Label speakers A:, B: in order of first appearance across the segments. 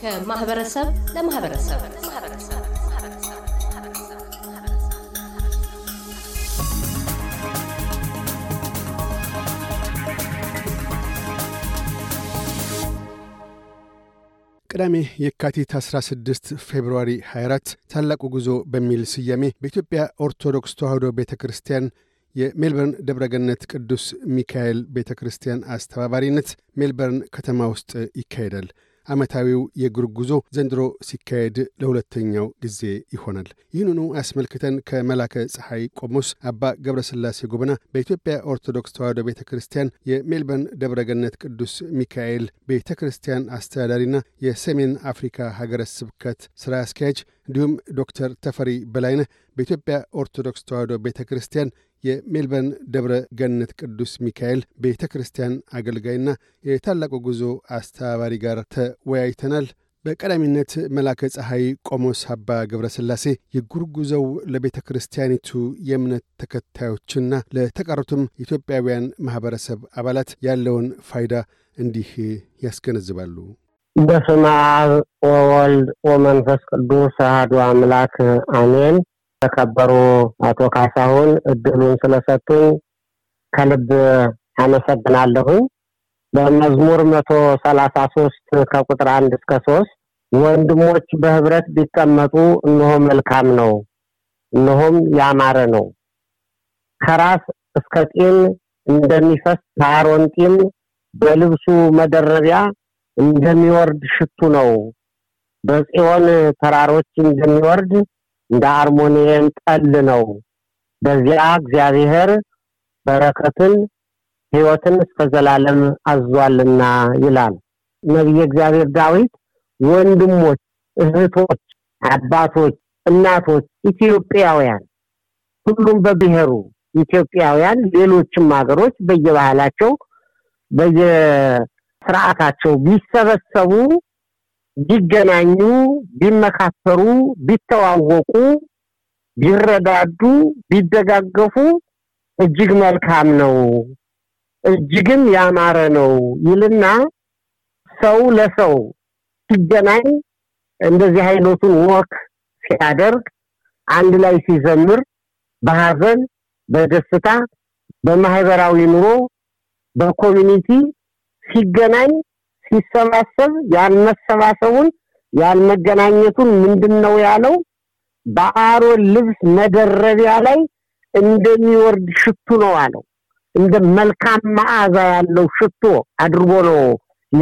A: ከማህበረሰብ ለማህበረሰብ ማህበረሰብ ቅዳሜ የካቲት 16 ፌብርዋሪ 24 ታላቁ ጉዞ በሚል ስያሜ በኢትዮጵያ ኦርቶዶክስ ተዋሕዶ ቤተ ክርስቲያን የሜልበርን ደብረገነት ቅዱስ ሚካኤል ቤተ ክርስቲያን አስተባባሪነት ሜልበርን ከተማ ውስጥ ይካሄዳል። ዓመታዊው የእግር ጉዞ ዘንድሮ ሲካሄድ ለሁለተኛው ጊዜ ይሆናል። ይህንኑ አስመልክተን ከመላከ ፀሐይ ቆሞስ አባ ገብረስላሴ ጎበና በኢትዮጵያ ኦርቶዶክስ ተዋሕዶ ቤተ ክርስቲያን የሜልበርን ደብረገነት ቅዱስ ሚካኤል ቤተ ክርስቲያን አስተዳዳሪና የሰሜን አፍሪካ ሀገረ ስብከት ሥራ አስኪያጅ እንዲሁም ዶክተር ተፈሪ በላይነህ በኢትዮጵያ ኦርቶዶክስ ተዋሕዶ ቤተ ክርስቲያን የሜልበርን ደብረ ገነት ቅዱስ ሚካኤል ቤተ ክርስቲያን አገልጋይና የታላቁ ጉዞ አስተባባሪ ጋር ተወያይተናል። በቀዳሚነት መላከ ፀሐይ ቆሞስ አባ ገብረ ሥላሴ የጉርጉዘው ለቤተ ክርስቲያኒቱ የእምነት ተከታዮችና ለተቀሩትም ኢትዮጵያውያን ማኅበረሰብ አባላት ያለውን ፋይዳ እንዲህ ያስገነዝባሉ። በስመ አብ ወወልድ
B: ወመንፈስ ቅዱስ አሐዱ አምላክ አሜን። ተከበሩ አቶ ካሳሁን እድሉን ስለሰጡኝ ከልብ አመሰግናለሁኝ። በመዝሙር መቶ ሰላሳ ሶስት ከቁጥር አንድ እስከ ሶስት ወንድሞች በህብረት ቢቀመጡ እነሆ መልካም ነው፣ እነሆም ያማረ ነው። ከራስ እስከ ጢም እንደሚፈስ ከአሮን ጢም በልብሱ መደረቢያ እንደሚወርድ ሽቱ ነው። በጽዮን ተራሮች እንደሚወርድ እንደ አርሞኒየም ጠል ነው። በዚያ እግዚአብሔር በረከትን ህይወትን እስከ ዘላለም አዟልና ይላል ነቢይ እግዚአብሔር ዳዊት። ወንድሞች፣ እህቶች፣ አባቶች፣ እናቶች ኢትዮጵያውያን ሁሉም በብሔሩ ኢትዮጵያውያን፣ ሌሎችም ሀገሮች በየባህላቸው በየ ስርዓታቸው ቢሰበሰቡ፣ ቢገናኙ፣ ቢመካከሩ፣ ቢተዋወቁ፣ ቢረዳዱ፣ ቢደጋገፉ እጅግ መልካም ነው፣ እጅግም ያማረ ነው ይልና ሰው ለሰው ሲገናኝ እንደዚህ አይነቱን ወክ ሲያደርግ አንድ ላይ ሲዘምር በሀዘን በደስታ በማህበራዊ ኑሮ በኮሚኒቲ ሲገናኝ ሲሰባሰብ ያልመሰባሰቡን ያልመገናኘቱን ምንድን ነው ያለው? በአሮን ልብስ መደረቢያ ላይ እንደሚወርድ ሽቱ ነው አለው። እንደ መልካም መዓዛ ያለው ሽቶ አድርጎ ነው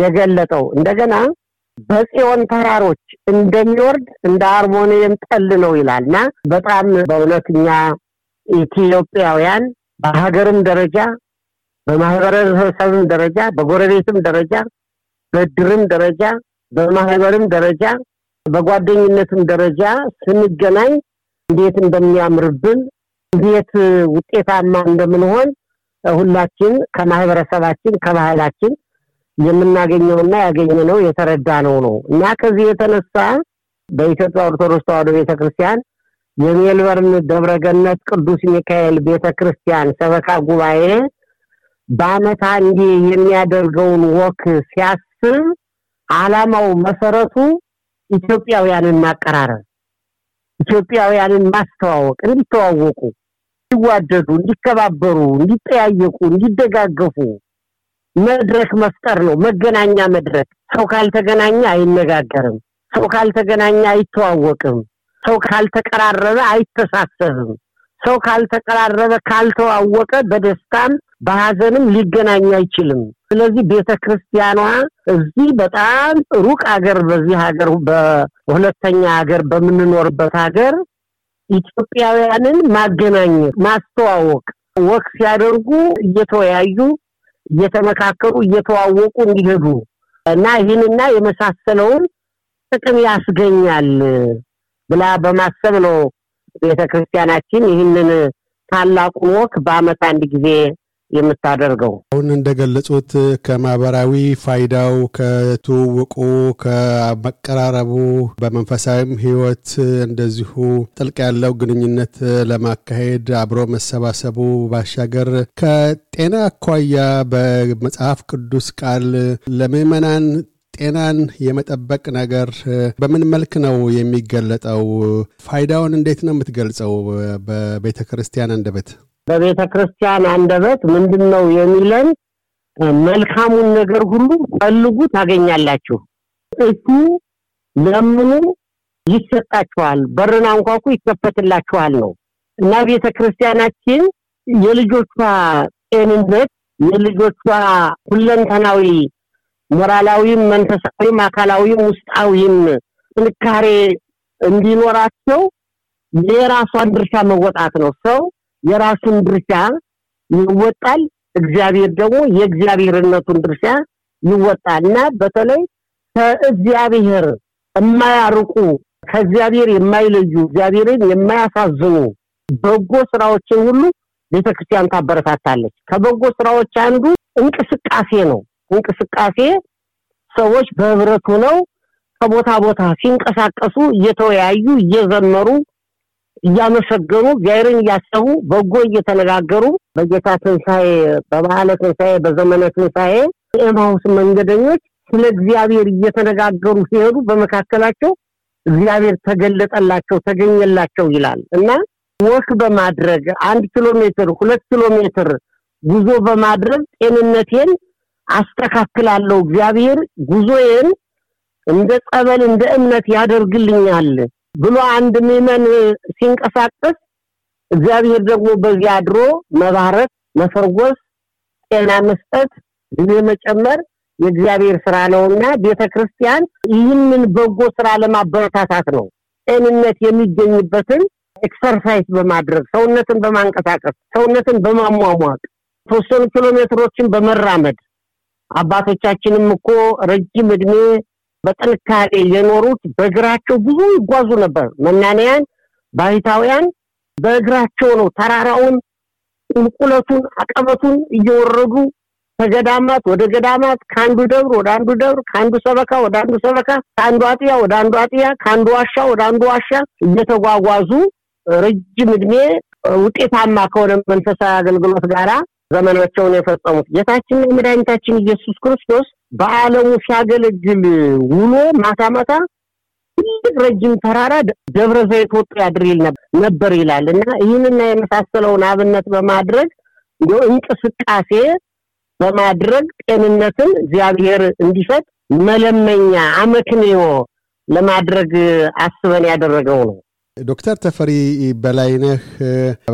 B: የገለጠው። እንደገና በጽዮን ተራሮች እንደሚወርድ እንደ አርሞኒየም ጠል ነው ይላል እና በጣም በእውነትኛ ኢትዮጵያውያን በሀገርም ደረጃ በማህበረሰብም ደረጃ በጎረቤትም ደረጃ በድርም ደረጃ በማህበርም ደረጃ በጓደኝነትም ደረጃ ስንገናኝ እንዴት እንደሚያምርብን እንዴት ውጤታማ እንደምንሆን ሁላችን ከማህበረሰባችን ከባህላችን የምናገኘውና ያገኘነው የተረዳነው ነው እና ከዚህ የተነሳ በኢትዮጵያ ኦርቶዶክስ ተዋሕዶ ቤተክርስቲያን የሜልበርን ደብረገነት ቅዱስ ሚካኤል ቤተክርስቲያን ሰበካ ጉባኤ በአመት አንዴ የሚያደርገውን ወክ ሲያስብ አላማው መሰረቱ ኢትዮጵያውያንን ማቀራረብ፣ ኢትዮጵያውያንን ማስተዋወቅ፣ እንዲተዋወቁ፣ እንዲዋደዱ፣ እንዲከባበሩ፣ እንዲጠያየቁ፣ እንዲደጋገፉ መድረክ መፍጠር ነው። መገናኛ መድረክ። ሰው ካልተገናኘ አይነጋገርም። ሰው ካልተገናኘ አይተዋወቅም። ሰው ካልተቀራረበ አይተሳሰብም። ሰው ካልተቀራረበ ካልተዋወቀ በደስታም በሀዘንም ሊገናኝ አይችልም። ስለዚህ ቤተ ክርስቲያኗ እዚህ በጣም ሩቅ ሀገር በዚህ ሀገር በሁለተኛ ሀገር በምንኖርበት ሀገር ኢትዮጵያውያንን ማገናኘት፣ ማስተዋወቅ ወቅት ሲያደርጉ እየተወያዩ እየተመካከሩ እየተዋወቁ እንዲሄዱ እና ይህንና የመሳሰለውን ጥቅም ያስገኛል ብላ በማሰብ ነው ቤተ ክርስቲያናችን ይህንን ታላቁን ወቅ በዓመት አንድ ጊዜ የምታደርገው።
A: አሁን እንደገለጹት ከማህበራዊ ፋይዳው፣ ከትውውቁ፣ ከመቀራረቡ በመንፈሳዊም ህይወት እንደዚሁ ጥልቅ ያለው ግንኙነት ለማካሄድ አብሮ መሰባሰቡ ባሻገር ከጤና አኳያ በመጽሐፍ ቅዱስ ቃል ለምዕመናን ጤናን የመጠበቅ ነገር በምን መልክ ነው የሚገለጠው? ፋይዳውን እንዴት ነው የምትገልጸው? በቤተ ክርስቲያን አንደበት
B: በቤተ ክርስቲያን አንደበት ምንድን ነው የሚለን? መልካሙን ነገር ሁሉ ፈልጉ ታገኛላችሁ፣ እሱ ለምኑ ይሰጣችኋል፣ በርን አንኳኩ ይከፈትላችኋል ነው እና ቤተ ክርስቲያናችን የልጆቿ ጤንነት የልጆቿ ሁለንተናዊ ሞራላዊም፣ መንፈሳዊም፣ አካላዊም ውስጣዊም ጥንካሬ እንዲኖራቸው የራሷን ድርሻ መወጣት ነው። ሰው የራሱን ድርሻ ይወጣል። እግዚአብሔር ደግሞ የእግዚአብሔርነቱን ድርሻ ይወጣል እና በተለይ ከእግዚአብሔር የማያርቁ ከእግዚአብሔር የማይለዩ እግዚአብሔርን የማያሳዝኑ በጎ ስራዎችን ሁሉ ቤተክርስቲያን ታበረታታለች። ከበጎ ስራዎች አንዱ እንቅስቃሴ ነው። እንቅስቃሴ ሰዎች በህብረቱ ሆነው ከቦታ ቦታ ሲንቀሳቀሱ እየተወያዩ እየዘመሩ እያመሰገኑ እግዚአብሔርን እያሰቡ በጎ እየተነጋገሩ በጌታ ትንሣኤ በባህለ ትንሣኤ በዘመነ ትንሣኤ የኤማሁስ መንገደኞች ስለ እግዚአብሔር እየተነጋገሩ ሲሄዱ በመካከላቸው እግዚአብሔር ተገለጠላቸው ተገኘላቸው ይላል እና ወክ በማድረግ አንድ ኪሎ ሜትር ሁለት ኪሎ ሜትር ጉዞ በማድረግ ጤንነቴን አስተካክላለሁ እግዚአብሔር ጉዞዬን እንደ ጸበል እንደ እምነት ያደርግልኛል ብሎ አንድ ምዕመን ሲንቀሳቀስ እግዚአብሔር ደግሞ በዚያ አድሮ መባረክ፣ መፈርጎስ፣ ጤና መስጠት፣ ድሜ መጨመር የእግዚአብሔር ስራ ነውና ቤተክርስቲያን ይህንን በጎ ስራ ለማበረታታት ነው። ጤንነት የሚገኝበትን ኤክሰርሳይዝ በማድረግ ሰውነትን በማንቀሳቀስ ሰውነትን በማሟሟቅ የተወሰኑ ኪሎ ሜትሮችን በመራመድ አባቶቻችንም እኮ ረጅም እድሜ በጥንካሬ የኖሩት በእግራቸው ብዙ ይጓዙ ነበር። መናንያን ባይታውያን በእግራቸው ነው ተራራውን፣ ቁልቁለቱን፣ አቀበቱን እየወረዱ ከገዳማት ወደ ገዳማት፣ ከአንዱ ደብር ወደ አንዱ ደብር፣ ከአንዱ ሰበካ ወደ አንዱ ሰበካ፣ ከአንዱ አጥያ ወደ አንዱ አጥያ፣ ከአንዱ ዋሻ ወደ አንዱ ዋሻ እየተጓጓዙ ረጅም እድሜ ውጤታማ ከሆነ መንፈሳዊ አገልግሎት ጋራ ዘመናቸውን የፈጸሙት ጌታችንና መድኃኒታችን ኢየሱስ ክርስቶስ በዓለሙ ሲያገለግል ውሎ ማታ ማታ ትልቅ ረጅም ተራራ ደብረ ዘይት ወጡ ያድር ነበር ይላል እና ይህንና የመሳሰለውን አብነት በማድረግ እንቅስቃሴ በማድረግ ጤንነትን
A: እግዚአብሔር እንዲሰጥ
B: መለመኛ አመክንዮ ለማድረግ አስበን ያደረገው ነው።
A: ዶክተር ተፈሪ በላይነህ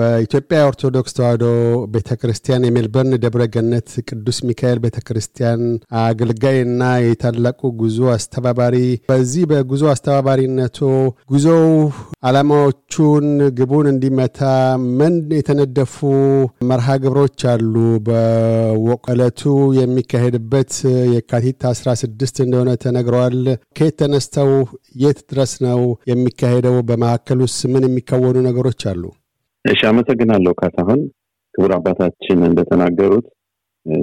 A: በኢትዮጵያ ኦርቶዶክስ ተዋህዶ ቤተ ክርስቲያን የሜልበርን ደብረ ገነት ቅዱስ ሚካኤል ቤተ ክርስቲያን አገልጋይና የታላቁ ጉዞ አስተባባሪ፣ በዚህ በጉዞ አስተባባሪነቱ ጉዞው ዓላማዎቹን ግቡን እንዲመታ ምን የተነደፉ መርሃ ግብሮች አሉ? በወቀለቱ የሚካሄድበት የካቲት 16 እንደሆነ ተነግረዋል። ከየት ተነስተው የት ድረስ ነው የሚካሄደው? በመካከል በመካከሉስ ምን የሚከወኑ ነገሮች አሉ?
C: እሺ፣ አመሰግናለሁ ካሳሁን። ክቡር አባታችን እንደተናገሩት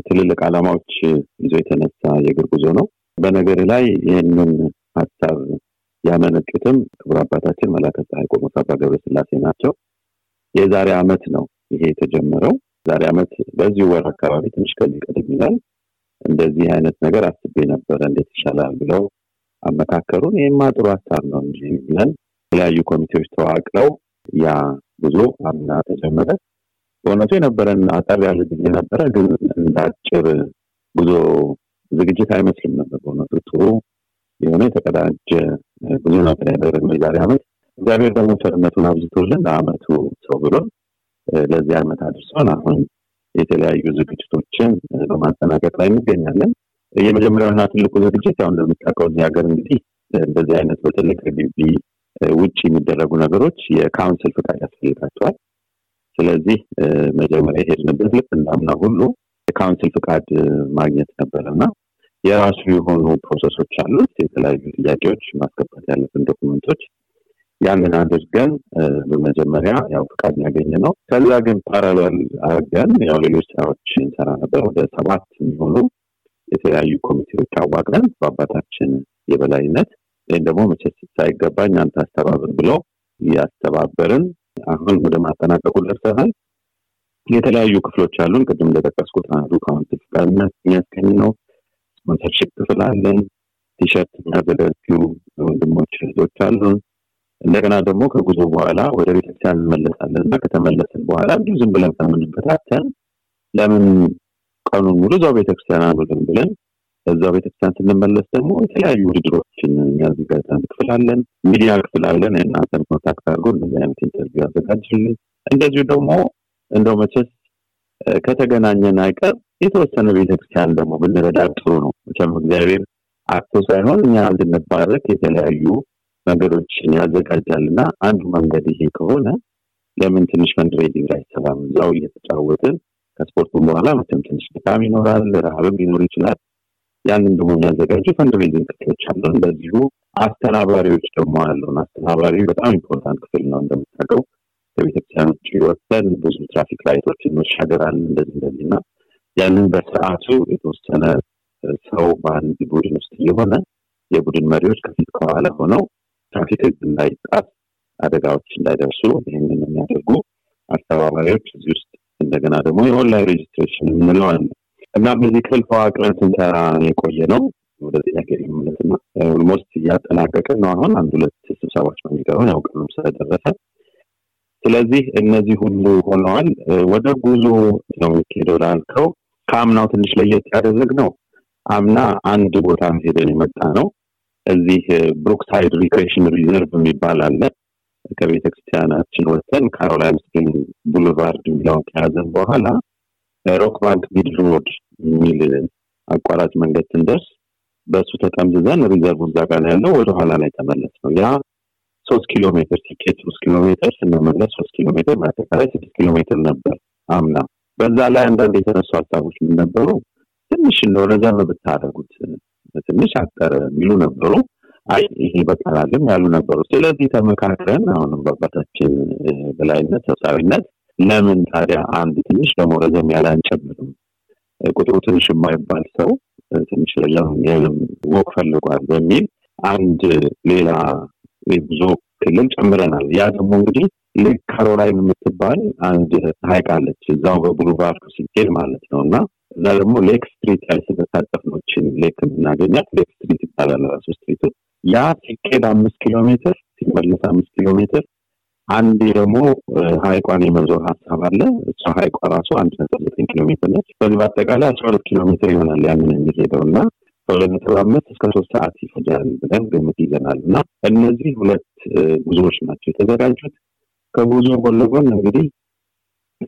C: ትልልቅ አላማዎች ይዞ የተነሳ የእግር ጉዞ ነው። በነገር ላይ ይህንን ሀሳብ ያመነጩትም ክቡር አባታችን መላከ ፀሐይ ቆሞስ አባ ገብረስላሴ ናቸው። የዛሬ አመት ነው ይሄ የተጀመረው። ዛሬ አመት በዚሁ ወር አካባቢ ትንሽ ከዚህ ቀደም ይላል እንደዚህ አይነት ነገር አስቤ ነበረ እንዴት ይሻላል ብለው አመካከሩን። ይህማ ጥሩ ሀሳብ ነው እንጂ ብለን የተለያዩ ኮሚቴዎች ተዋቅረው ያ ጉዞ አምና ተጀመረ። በእውነቱ የነበረን አጠር ያለ ጊዜ ነበረ፣ ግን እንደ አጭር ጉዞ ዝግጅት አይመስልም ነበር። በእውነቱ ጥሩ የሆነ የተቀዳጀ ጉዞ ነበር ያደረግነው የዛሬ ዓመት። እግዚአብሔር ደግሞ ቸርነቱን አብዝቶልን ለዓመቱ ሰው ብሎ ለዚህ ዓመት አድርሶን አሁን የተለያዩ ዝግጅቶችን በማጠናቀቅ ላይ እንገኛለን። የመጀመሪያውና ትልቁ ዝግጅት ያው እንደምታውቀው እዚህ ሀገር እንግዲህ እንደዚህ አይነት በትልቅ ግቢ ውጭ የሚደረጉ ነገሮች የካውንስል ፍቃድ ያስፈልጋቸዋል። ስለዚህ መጀመሪያ የሄድንበት ልክ እንዳምና ሁሉ የካውንስል ፍቃድ ማግኘት ነበረ እና የራሱ የሆኑ ፕሮሰሶች አሉት። የተለያዩ ጥያቄዎች ማስገባት ያለብን ዶኩመንቶች ያንን አድርገን በመጀመሪያ ያው ፍቃድ ያገኘ ነው። ከዛ ግን ፓራሌል አድርገን ያው ሌሎች ስራዎች እንሰራ ነበር። ወደ ሰባት የሚሆኑ የተለያዩ ኮሚቴዎች አዋቅረን በአባታችን የበላይነት ይህን ደግሞ መቼስ ሳይገባ እናንተ አስተባብር ብለው እያስተባበርን አሁን ወደ ማጠናቀቁ ደርሰናል። የተለያዩ ክፍሎች አሉን። ቅድም እንደጠቀስኩት አንዱ ካውንስል ጋር የሚያስገኝ ነው። ስፖንሰርሽፕ ክፍል አለን። ቲሸርት እና የሚያዘጋጁ ወንድሞች ህዞች አሉን። እንደገና ደግሞ ከጉዞ በኋላ ወደ ቤተክርስቲያን እንመለሳለን እና ከተመለስን በኋላ እንዲሁ ዝም ብለን ከምንበታተን ለምን ቀኑን ሙሉ እዛው ቤተክርስቲያን አሉ ዝም ብለን ከዛ ቤተክርስቲያን ስንመለስ ደግሞ የተለያዩ ውድድሮችን የሚያዘጋጅ ክፍል አለን፣ ሚዲያ ክፍል አለን። እናንተን ኮንታክት አድርጎ እንደዚህ አይነት ኢንተርቪው ያዘጋጅልን። እንደዚሁ ደግሞ እንደው መቸስ ከተገናኘን አይቀር የተወሰነ ቤተክርስቲያን ደግሞ ብንረዳ ጥሩ ነው። መቼም እግዚአብሔር አቶ ሳይሆን እኛ እንድንባረክ የተለያዩ መንገዶችን ያዘጋጃል እና አንዱ መንገድ ይሄ ከሆነ ለምን ትንሽ ፈንድሬዚንግ ሰላም እዛው እየተጫወትን ከስፖርቱ በኋላ መቼም ትንሽ ድካም ይኖራል፣ ረሃብም ሊኖር ይችላል። ያንን ደግሞ የሚያዘጋጁ ፈንድሬዚንግ ክፍሎች አሉ። እንደዚሁ አስተናባሪዎች ደግሞ አሉን። አስተናባሪ በጣም ኢምፖርታንት ክፍል ነው። እንደምታውቀው ከቤተክርስቲያን ውጭ ወጥተን ብዙ ትራፊክ ላይቶች መሻገራለን እንደዚህ እንደዚህ እና ያንን በስርዓቱ የተወሰነ ሰው በአንድ ቡድን ውስጥ እየሆነ የቡድን መሪዎች ከፊት ከኋላ ሆነው ትራፊክ ህግ እንዳይጣስ አደጋዎች እንዳይደርሱ ይህንን የሚያደርጉ አስተባባሪዎች እዚህ ውስጥ እንደገና ደግሞ የኦንላይን ሬጅስትሬሽን የምንለው አለ። እና በዚህ ክፍል ተዋቅረን ስንሰራ የቆየ ነው። ወደዚህ ነገር የምለትና ኦልሞስት እያጠናቀቀ ነው። አሁን አንድ ሁለት ስብሰባዎች ነው የሚቀረው ያው ቀኑም ስለደረሰ ስለዚህ እነዚህ ሁሉ ሆነዋል። ወደ ጉዞ ነው የሚሄደው ላልከው ከአምናው ትንሽ ለየት ያደረግ ነው። አምና አንድ ቦታ ሄደን የመጣ ነው። እዚህ ብሩክሳይድ ሪክሬሽን ሪዘርቭ የሚባል አለ። ከቤተክርስቲያናችን ወጥተን ካሮላይን ስፕሪንግ ቡልቫርድ የሚለውን ከያዘን በኋላ ሮክ ባንክ ሚድ ሮድ የሚል አቋራጭ መንገድ ስንደርስ በእሱ ተጠምዝዘን ሪዘርቭ እዛ ጋር ያለው ወደኋላ ላይ ተመለስ ነው። ያ ሶስት ኪሎ ሜትር ቲኬት ሶስት ኪሎ ሜትር ስንመለስ ሶስት ኪሎ ሜትር ማጠቃላይ ስድስት ኪሎ ሜትር ነበር አምና። በዛ ላይ አንዳንድ የተነሱ ሀሳቦች ምን ነበሩ? ትንሽ እንደሆነ ዘም ብታደረጉት ትንሽ አጠረ የሚሉ ነበሩ። አይ ይሄ በቃላልም ያሉ ነበሩ። ስለዚህ ተመካክረን አሁንም በአባታችን በላይነት ሰብሳቢነት ለምን ታዲያ አንድ ትንሽ ደግሞ ረዘም ያለ አንጨምርም? ቁጥሩ ትንሽ የማይባል ሰው ትንሽ ረዘም ወቅ ፈልጓል በሚል አንድ ሌላ ብዙ ክልል ጨምረናል። ያ ደግሞ እንግዲህ ልክ ካሮላይን የምትባል አንድ ሀይቅ አለች፣ እዛው በብሉ ባርክ ሲሄድ ማለት ነው እና እዛ ደግሞ ሌክ ስትሪት ላይ ስለታጠፍ ነው ችን ሌክ የምናገኛት ሌክ ስትሪት ይባላል ራሱ ስትሪቱ ያ ሲኬል አምስት ኪሎ ሜትር ሲመለስ አምስት ኪሎ ሜትር አንድ ደግሞ ሀይቋን የመዞር ሀሳብ አለ። እሷ ሀይቋ ራሱ አንድ ነጥብ ዘጠኝ ኪሎ ሜትር ነች። በዚህ በአጠቃላይ አስራ ሁለት ኪሎ ሜትር ይሆናል ያንን የሚሄደው እና ከሁለት ነጥብ አምስት እስከ ሶስት ሰዓት ይፈጃል ብለን ግምት ይዘናል እና እነዚህ ሁለት ጉዞዎች ናቸው የተዘጋጁት። ከጉዞ ጎን ለጎን እንግዲህ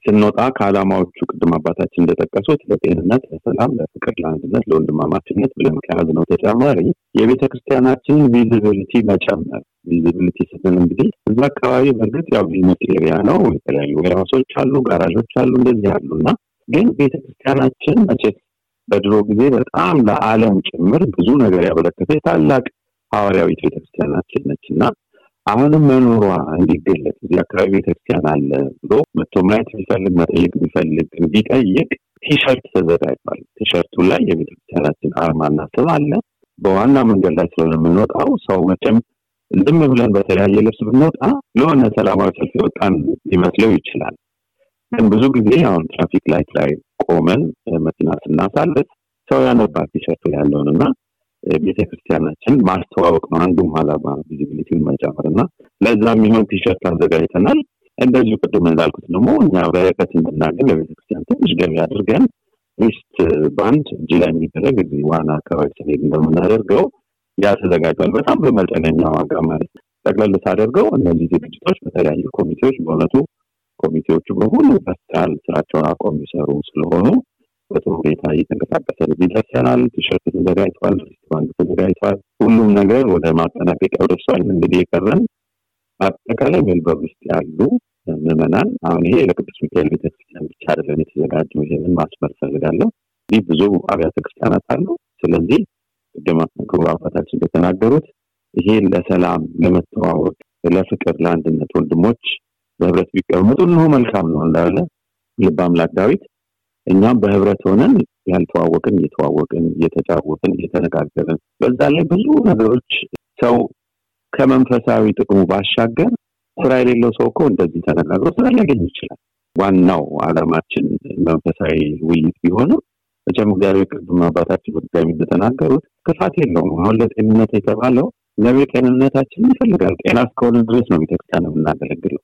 C: ስንወጣ ከዓላማዎቹ ቅድም አባታችን እንደጠቀሱት ለጤንነት፣ ለሰላም፣ ለፍቅር፣ ለአንድነት፣ ለወንድማማችነት ብለን ከያዝ ነው ተጨማሪ የቤተ ክርስቲያናችንን ቪዚቢሊቲ መጨመር። ቪዚብሊቲ ስንል እንግዲህ እዛ አካባቢ በእርግጥ ያው ቢዝነስ ኤሪያ ነው፣ የተለያዩ ዌርሃውሶች አሉ፣ ጋራዦች አሉ፣ እንደዚህ አሉ እና ግን ቤተክርስቲያናችን መቼት በድሮ ጊዜ በጣም ለዓለም ጭምር ብዙ ነገር ያበለከተ ታላቅ ሐዋርያዊት ቤተክርስቲያናችን ነች እና አሁንም መኖሯ እንዲገለጽ እዚህ አካባቢ ቤተክርስቲያን አለ ብሎ መቶ ማየት የሚፈልግ መጠየቅ የሚፈልግ እንዲጠይቅ ቲሸርት ተዘጋጅቷል። ቲሸርቱ ላይ የቤተክርስቲያናችን አርማና ስም አለ። በዋና መንገድ ላይ ስለሆነ የምንወጣው ሰው መቼም ዝም ብለን በተለያየ ልብስ ብንወጣ ለሆነ ሰላማዊ ሰልፍ የወጣን ሊመስለው ይችላል። ግን ብዙ ጊዜ አሁን ትራፊክ ላይት ላይ ቆመን መኪና ስናሳልፍ ሰው ያነባል ቲሸርቱ ያለውን እና ቤተክርስቲያናችን ማስተዋወቅ ነው አንዱ አላማ ቪዚቢሊቲን መጨመር እና ለዛ የሚሆን ቲሸርት አዘጋጅተናል። እንደዚሁ ቅድም እንዳልኩት ደግሞ እኛ በርቀት እንድናገኝ ለቤተክርስቲያን ትንሽ ገቢ አድርገን ሚስት ባንድ እጅ ላይ የሚደረግ እዚህ ዋና አካባቢ ስንሄድ እንደምናደርገው ያ ተዘጋጅቷል። በጣም በመጠነኛ ዋጋ ማለት ጠቅለል ሳደርገው እነዚህ ዝግጅቶች በተለያዩ ኮሚቴዎች በእውነቱ ኮሚቴዎቹ በሁሉ በስታል ስራቸውን አቆም የሚሰሩ ስለሆኑ በጥሩ ሁኔታ እየተንቀሳቀሰ ነው። ይደርሰናል። ቲሸርት ተዘጋጅቷል፣ ሬስቶራንት ተዘጋጅቷል። ሁሉም ነገር ወደ ማጠናቀቂያው ደርሷል። እንግዲህ የቀረን አጠቃላይ ሜልበርን ውስጥ ያሉ ምዕመናን አሁን ይሄ ለቅዱስ ሚካኤል ቤተክርስቲያን ብቻ አይደለም የተዘጋጀው። ይሄንን ማስመር ፈልጋለሁ። ይህ ብዙ አብያተ ክርስቲያናት አሉ። ስለዚህ ቅድማ ክቡር አባታችን እንደተናገሩት ይሄ ለሰላም፣ ለመተዋወቅ፣ ለፍቅር፣ ለአንድነት ወንድሞች በህብረት ቢቀመጡ እነሆ መልካም ነው እንዳለ ልበ አምላክ ዳዊት እኛም በህብረት ሆነን ያልተዋወቅን እየተዋወቅን እየተጫወቅን እየተነጋገርን በዛ ላይ ብዙ ነገሮች ሰው ከመንፈሳዊ ጥቅሙ ባሻገር ስራ የሌለው ሰው እኮ እንደዚህ ተነጋግሮ ስራ ሊያገኝ ይችላል። ዋናው አላማችን መንፈሳዊ ውይይት ቢሆንም መቼም እግዚአብሔር ቅድም አባታችን በድጋሚ እንደተናገሩት ክፋት የለውም። አሁን ለጤንነት የተባለው እግዚአብሔር ጤንነታችንን ይፈልጋል። ጤና እስከሆነ ድረስ ነው ቤተክርስቲያን የምናገለግለው።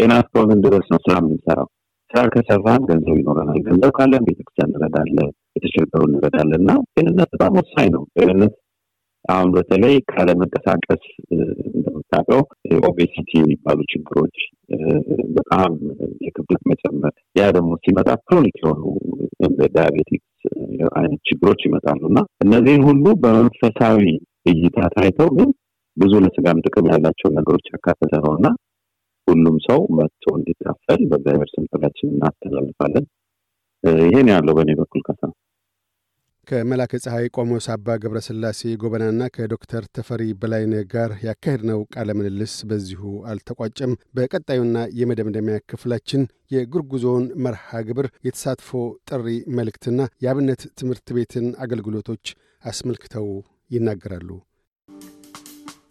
C: ጤና እስከሆነ ድረስ ነው ስራ የምንሰራው። ስራ ከሰራን ገንዘብ ይኖረናል። ገንዘብ ካለን ቤተክርስቲያን እንረዳለን፣ የተቸገሩን እንረዳለን እና ጤንነት በጣም ወሳኝ ነው። ጤንነት አሁን በተለይ ካለመንቀሳቀስ እንደምታውቀው ኦቤሲቲ የሚባሉ ችግሮች በጣም የክብደት መጨመር፣ ያ ደግሞ ሲመጣ ክሮኒክ የሆኑ ዳያቤቲክስ አይነት ችግሮች ይመጣሉ እና እነዚህን ሁሉ በመንፈሳዊ እይታ ታይተው ግን ብዙ ለስጋም ጥቅም ያላቸው ነገሮች ያካተተ ነው እና ሁሉም ሰው መጥቶ እንዲካፈል በእግዚአብሔር ስንፈላችን እናተላልፋለን። ይሄን ያለው በእኔ በኩል ከሳ
A: ከመላከ ፀሐይ ቆሞስ አባ ገብረስላሴ ጎበናና ከዶክተር ተፈሪ በላይነ ጋር ያካሄድነው ቃለ ምልልስ በዚሁ አልተቋጨም። በቀጣዩና የመደምደሚያ ክፍላችን የጉርጉዞውን መርሃ ግብር፣ የተሳትፎ ጥሪ መልእክትና የአብነት ትምህርት ቤትን አገልግሎቶች አስመልክተው ይናገራሉ።